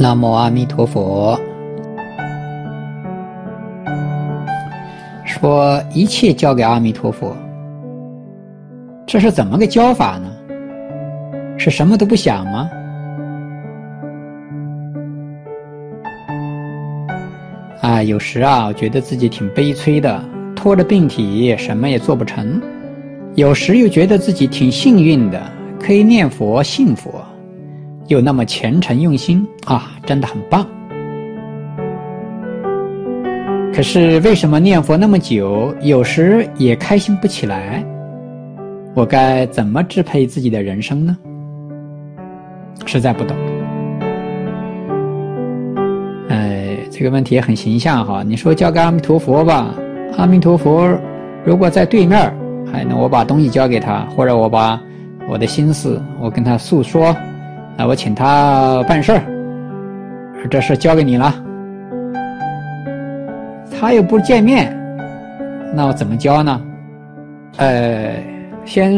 南無阿彌陀佛。說一切交給阿彌陀佛，這是怎麼個交法呢？是什麼都不想嗎？啊，有時啊，我覺得自己挺悲催的，拖着病體什麼也做不成；有時又覺得自己挺幸運的，可以念佛信佛。又那麼虔誠用心啊，真的很棒。可是為什麼念佛那麼久，有時也開心不起來？我該怎麼支配自己的人生呢？實在不懂。哎，這個問題也很形象哈。你說交給阿彌陀佛吧，阿彌陀佛，如果在對面，還，哎，那我把東西交給他，或者我把我的心思我跟他訴說。那我請他辦事兒，這事交給你了。他又不見面，那我怎麼教呢？呃，先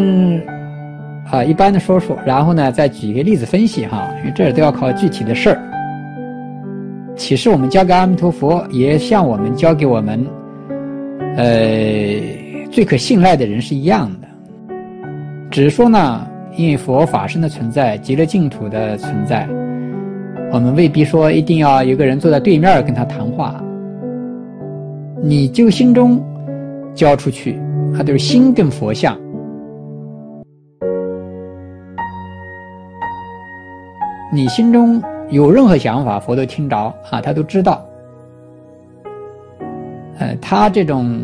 啊一般的說說，然後呢再舉個例子分析哈，因為這都要靠具體的事兒。其實我們交給阿彌陀佛，也像我們交給我們呃最可信賴的人是一樣的，只是說呢。因為佛法身的存在，極樂淨土的存在，我們未必說一定要有個人坐在對面跟他談話。你就心中交出去，他就是心跟佛像。你心中有任何想法，佛都聽着啊，他都知道。呃，他這種，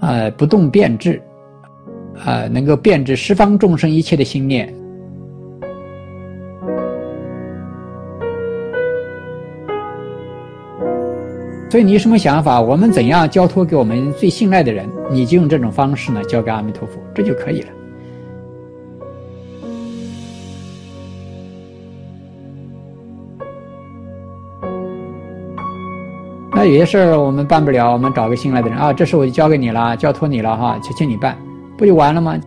呃，不動遍知。啊、呃，能夠遍知十方眾生一切的心念。所以你有什麼想法，我們怎樣交托給我們最信賴的人，你就用這種方式呢，交給阿彌陀佛，這就可以了。那有些事兒我們辦不了，我們找個信賴的人啊，這事我就交給你了，交托你了哈，求求你辦。不就完了嗎？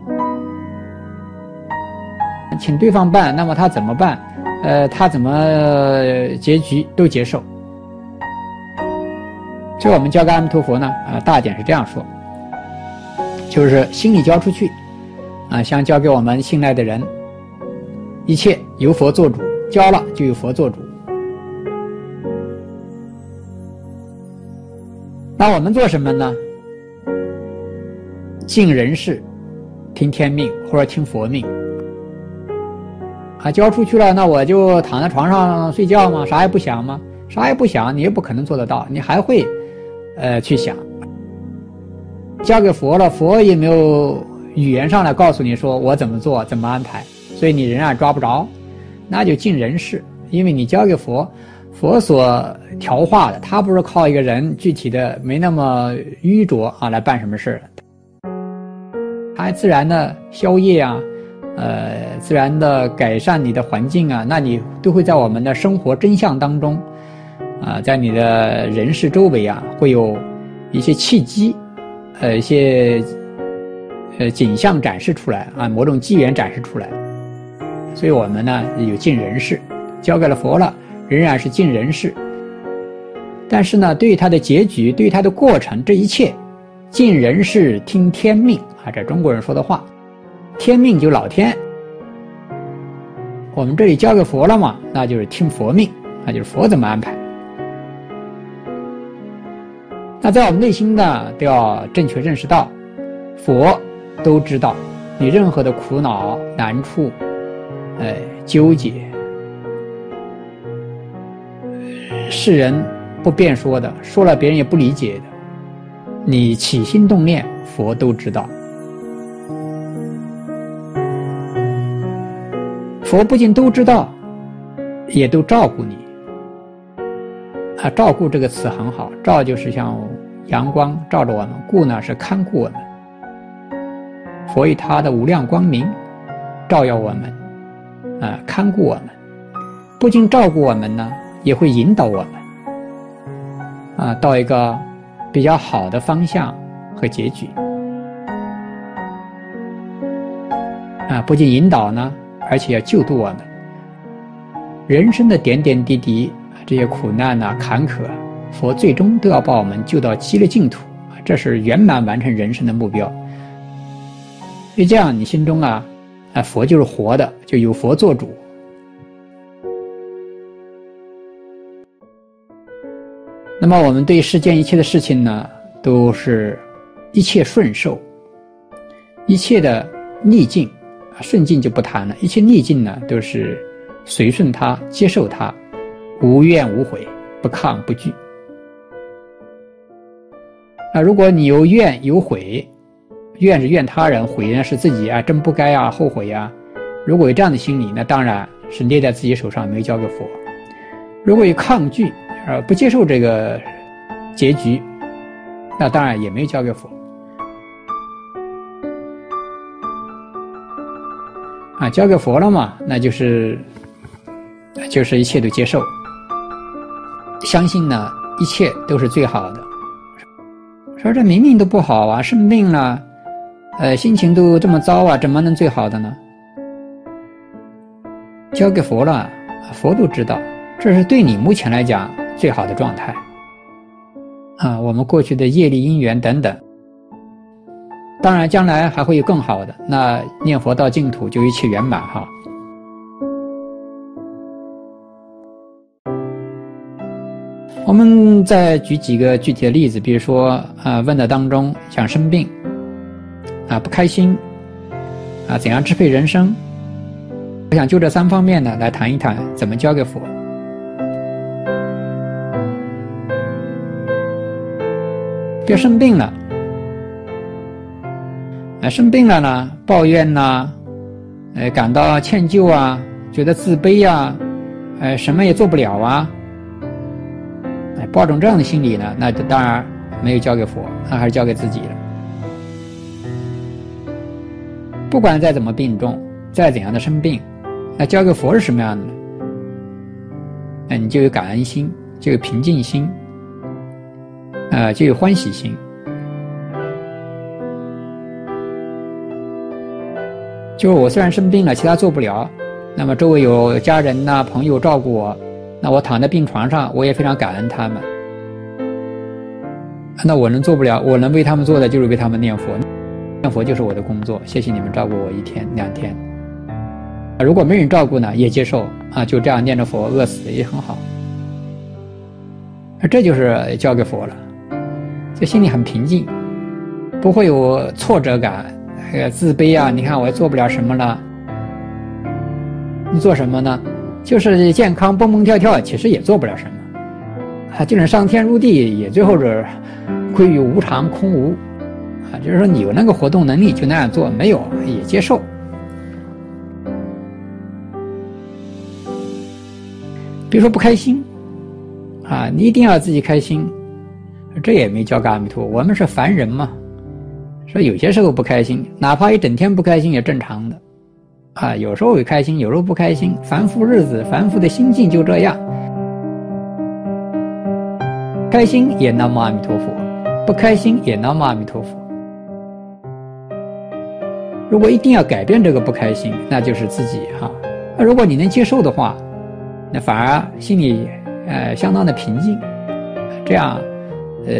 請對方辦，那麼他怎麼辦？呃，他怎麼結局都接受。所以我們交給阿彌陀佛呢？啊，大點是這樣說，就是心裡交出去，啊，像交給我們信賴的人，一切由佛做主，交了就由佛做主。那我們做什麼呢？盡人事，聽天命，或者聽佛命啊，交出去了，那我就躺在床上睡覺嘛？啥也不想嘛？啥也不想，你也不可能做得到，你還會，呃，去想。交給佛了，佛也沒有語言上來告訴你說我怎麼做、怎麼安排，所以你人啊抓不着，那就盡人事，因為你交給佛，佛所調化的，他不是靠一個人具體的沒那麼愚拙啊來辦什麼事的。它自然的消業啊，呃，自然的改善你的環境啊，那你都會在我們的生活真相當中，啊、呃，在你的人世周圍啊，會有一些契機，呃，一些，呃，景象展示出來啊，某種機緣展示出來。所以我們呢，有盡人事，交給了佛了，仍然是盡人事。但是呢，對於它的結局，對於它的過程，這一切，盡人事，聽天命。還這中國人說的話，天命就老天，我們這裡交給佛了嘛，那就是聽佛命，那就是佛怎麼安排。那在我們內心呢，都要正確認識到，佛都知道你任何的苦惱難處，哎，糾結，世人不便說的，說了別人也不理解的，你起心動念，佛都知道。佛不僅都知道，也都照顧你。啊，照顧這個詞很好，“照”就是像陽光照着我們，“顧”呢是看顧我們。佛以他的無量光明照耀我們，啊，看顧我們。不僅照顧我們呢，也會引導我們，啊，到一個比較好的方向和結局。啊，不僅引導呢。而且要救度我們，人生的點點滴滴，這些苦難吶、啊、坎坷，佛最終都要把我們救到極樂淨土，這是圓滿完成人生的目標。就這樣，你心中啊，啊，佛就是活的，就由佛做主。那麼，我們對世間一切的事情呢，都是，一切順受，一切的逆境。順境就不談了，一切逆境呢都是隨順他，接受他，無怨無悔，不抗不拒。那如果你有怨有悔，怨是怨他人，悔呢是自己啊，真不該啊，後悔呀、啊。如果有這樣的心理，那當然是捏在自己手上，沒有交給佛。如果有抗拒，啊、呃，不接受這個結局，那當然也沒有交給佛。交給佛了嘛，那就是，就是一切都接受，相信呢，一切都是最好的。說這明明都不好啊，生病了，呃，心情都這麼糟啊，怎麼能最好的呢？交給佛了，佛都知道，這是對你目前來講最好的狀態。啊，我們過去的業力因緣等等。當然，將來還會有更好的。那念佛到淨土，就一切圓滿哈。我們再舉幾個具體的例子，比如說啊、呃，問的當中像生病，啊不開心，啊怎樣支配人生？我想就這三方面呢，來談一談，怎麼交給佛？別生病了。哎，生病了呢，抱怨呐，哎，感到歉疚啊，覺得自卑呀、啊，哎，什麼也做不了啊，哎，抱著這樣的心理呢，那就當然沒有交給佛，那還是交給自己了。不管再怎麼病重，再怎樣的生病，那交給佛是什麼樣的呢？那你就有感恩心，就有平靜心，呃、就有歡喜心。就是我雖然生病了，其他做不了，那麼周圍有家人吶、啊、朋友照顧我，那我躺在病床上，我也非常感恩他們。那我能做不了，我能為他們做的就是為他們念佛，念佛就是我的工作。謝謝你們照顧我一天兩天。如果沒人照顧呢，也接受啊，就這樣念着佛，餓死也很好。那這就是交給佛了，就心裡很平靜，不會有挫折感。這個自卑啊，你看我做不了什麼了，你做什麼呢？就是健康蹦蹦跳跳，其實也做不了什麼，啊，就是上天入地，也最後是歸於無常空無，啊，就是說你有那個活動能力就那樣做，沒有也接受。比如說不開心，啊，你一定要自己開心，這也沒交給阿彌陀佛，我們是凡人嘛。說有些時候不開心，哪怕一整天不開心也正常的，啊，有時候會開心，有時候不開心，凡夫日子、凡夫的心境就這樣。開心也南無阿彌陀佛，不開心也南無阿彌陀佛。如果一定要改變這個不開心，那就是自己哈、啊。那如果你能接受的話，那反而心裡呃相當的平靜，這樣呃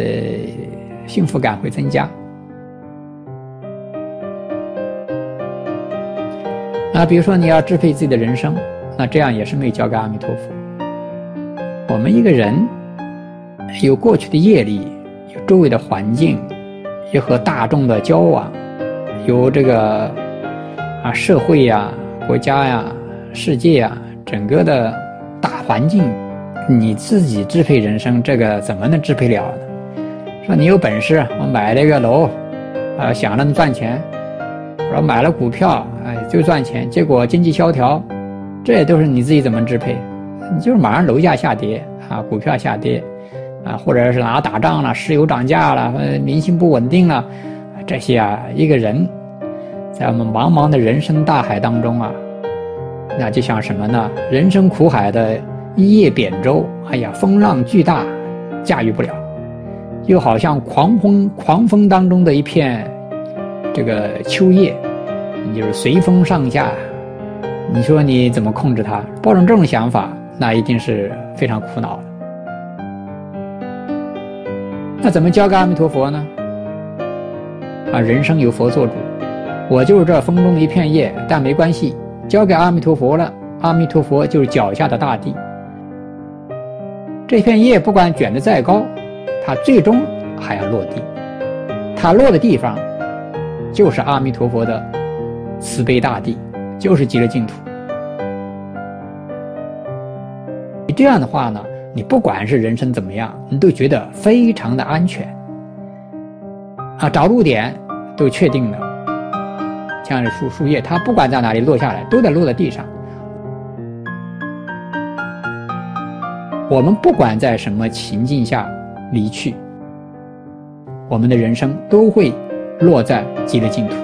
幸福感會增加。那比如說你要支配自己的人生，那這樣也是沒有交給阿彌陀佛。我們一個人有過去的業力，有周圍的環境，有和大眾的交往，有這個啊社會呀、啊、國家呀、啊、世界呀、啊，整個的大環境，你自己支配人生，這個怎麼能支配了呢？說你有本事，我買了一個樓，啊，想着能賺錢，我說買了股票。就賺錢，結果經濟蕭條，這也都是你自己怎麼支配？你就是馬上樓價下跌啊，股票下跌啊，或者是哪打仗了，石油漲價了，民心不穩定了，這些啊，一個人在我們茫茫的人生大海當中啊，那就像什麼呢？人生苦海的一葉扁舟，哎呀，風浪巨大，駕馭不了，又好像狂風狂風當中的一片這個秋葉。你就是隨風上下，你說你怎麼控制它？抱着這種想法，那一定是非常苦惱的。那怎麼交給阿彌陀佛呢？啊，人生由佛做主，我就是這風中的一片葉，但沒關係，交給阿彌陀佛了。阿彌陀佛就是腳下的大地，這片葉不管捲得再高，它最終還要落地，它落的地方就是阿彌陀佛的。慈悲大地就是極樂淨土。你這樣的話呢，你不管是人生怎麼樣，你都覺得非常的安全，啊，着陸點都確定了。像是樹樹葉，它不管在哪裡落下來，都得落在地上。我們不管在什麼情境下離去，我們的人生都會落在極樂淨土。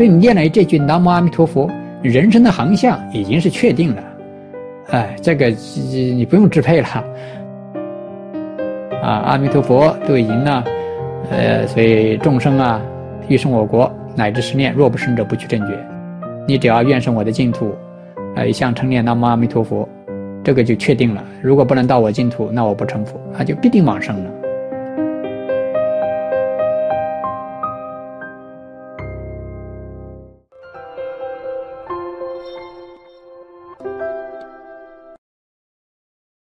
所以你念了這句南無阿彌陀佛，人生的航向已經是確定了，哎，這個你不用支配了，啊，阿彌陀佛都已經了，呃，所以眾生啊，欲生我國，乃至十念，若不生者，不取正覺。你只要願生我的淨土，呃，一向稱念南無阿彌陀佛，這個就確定了。如果不能到我淨土，那我不成佛，那就必定往生了。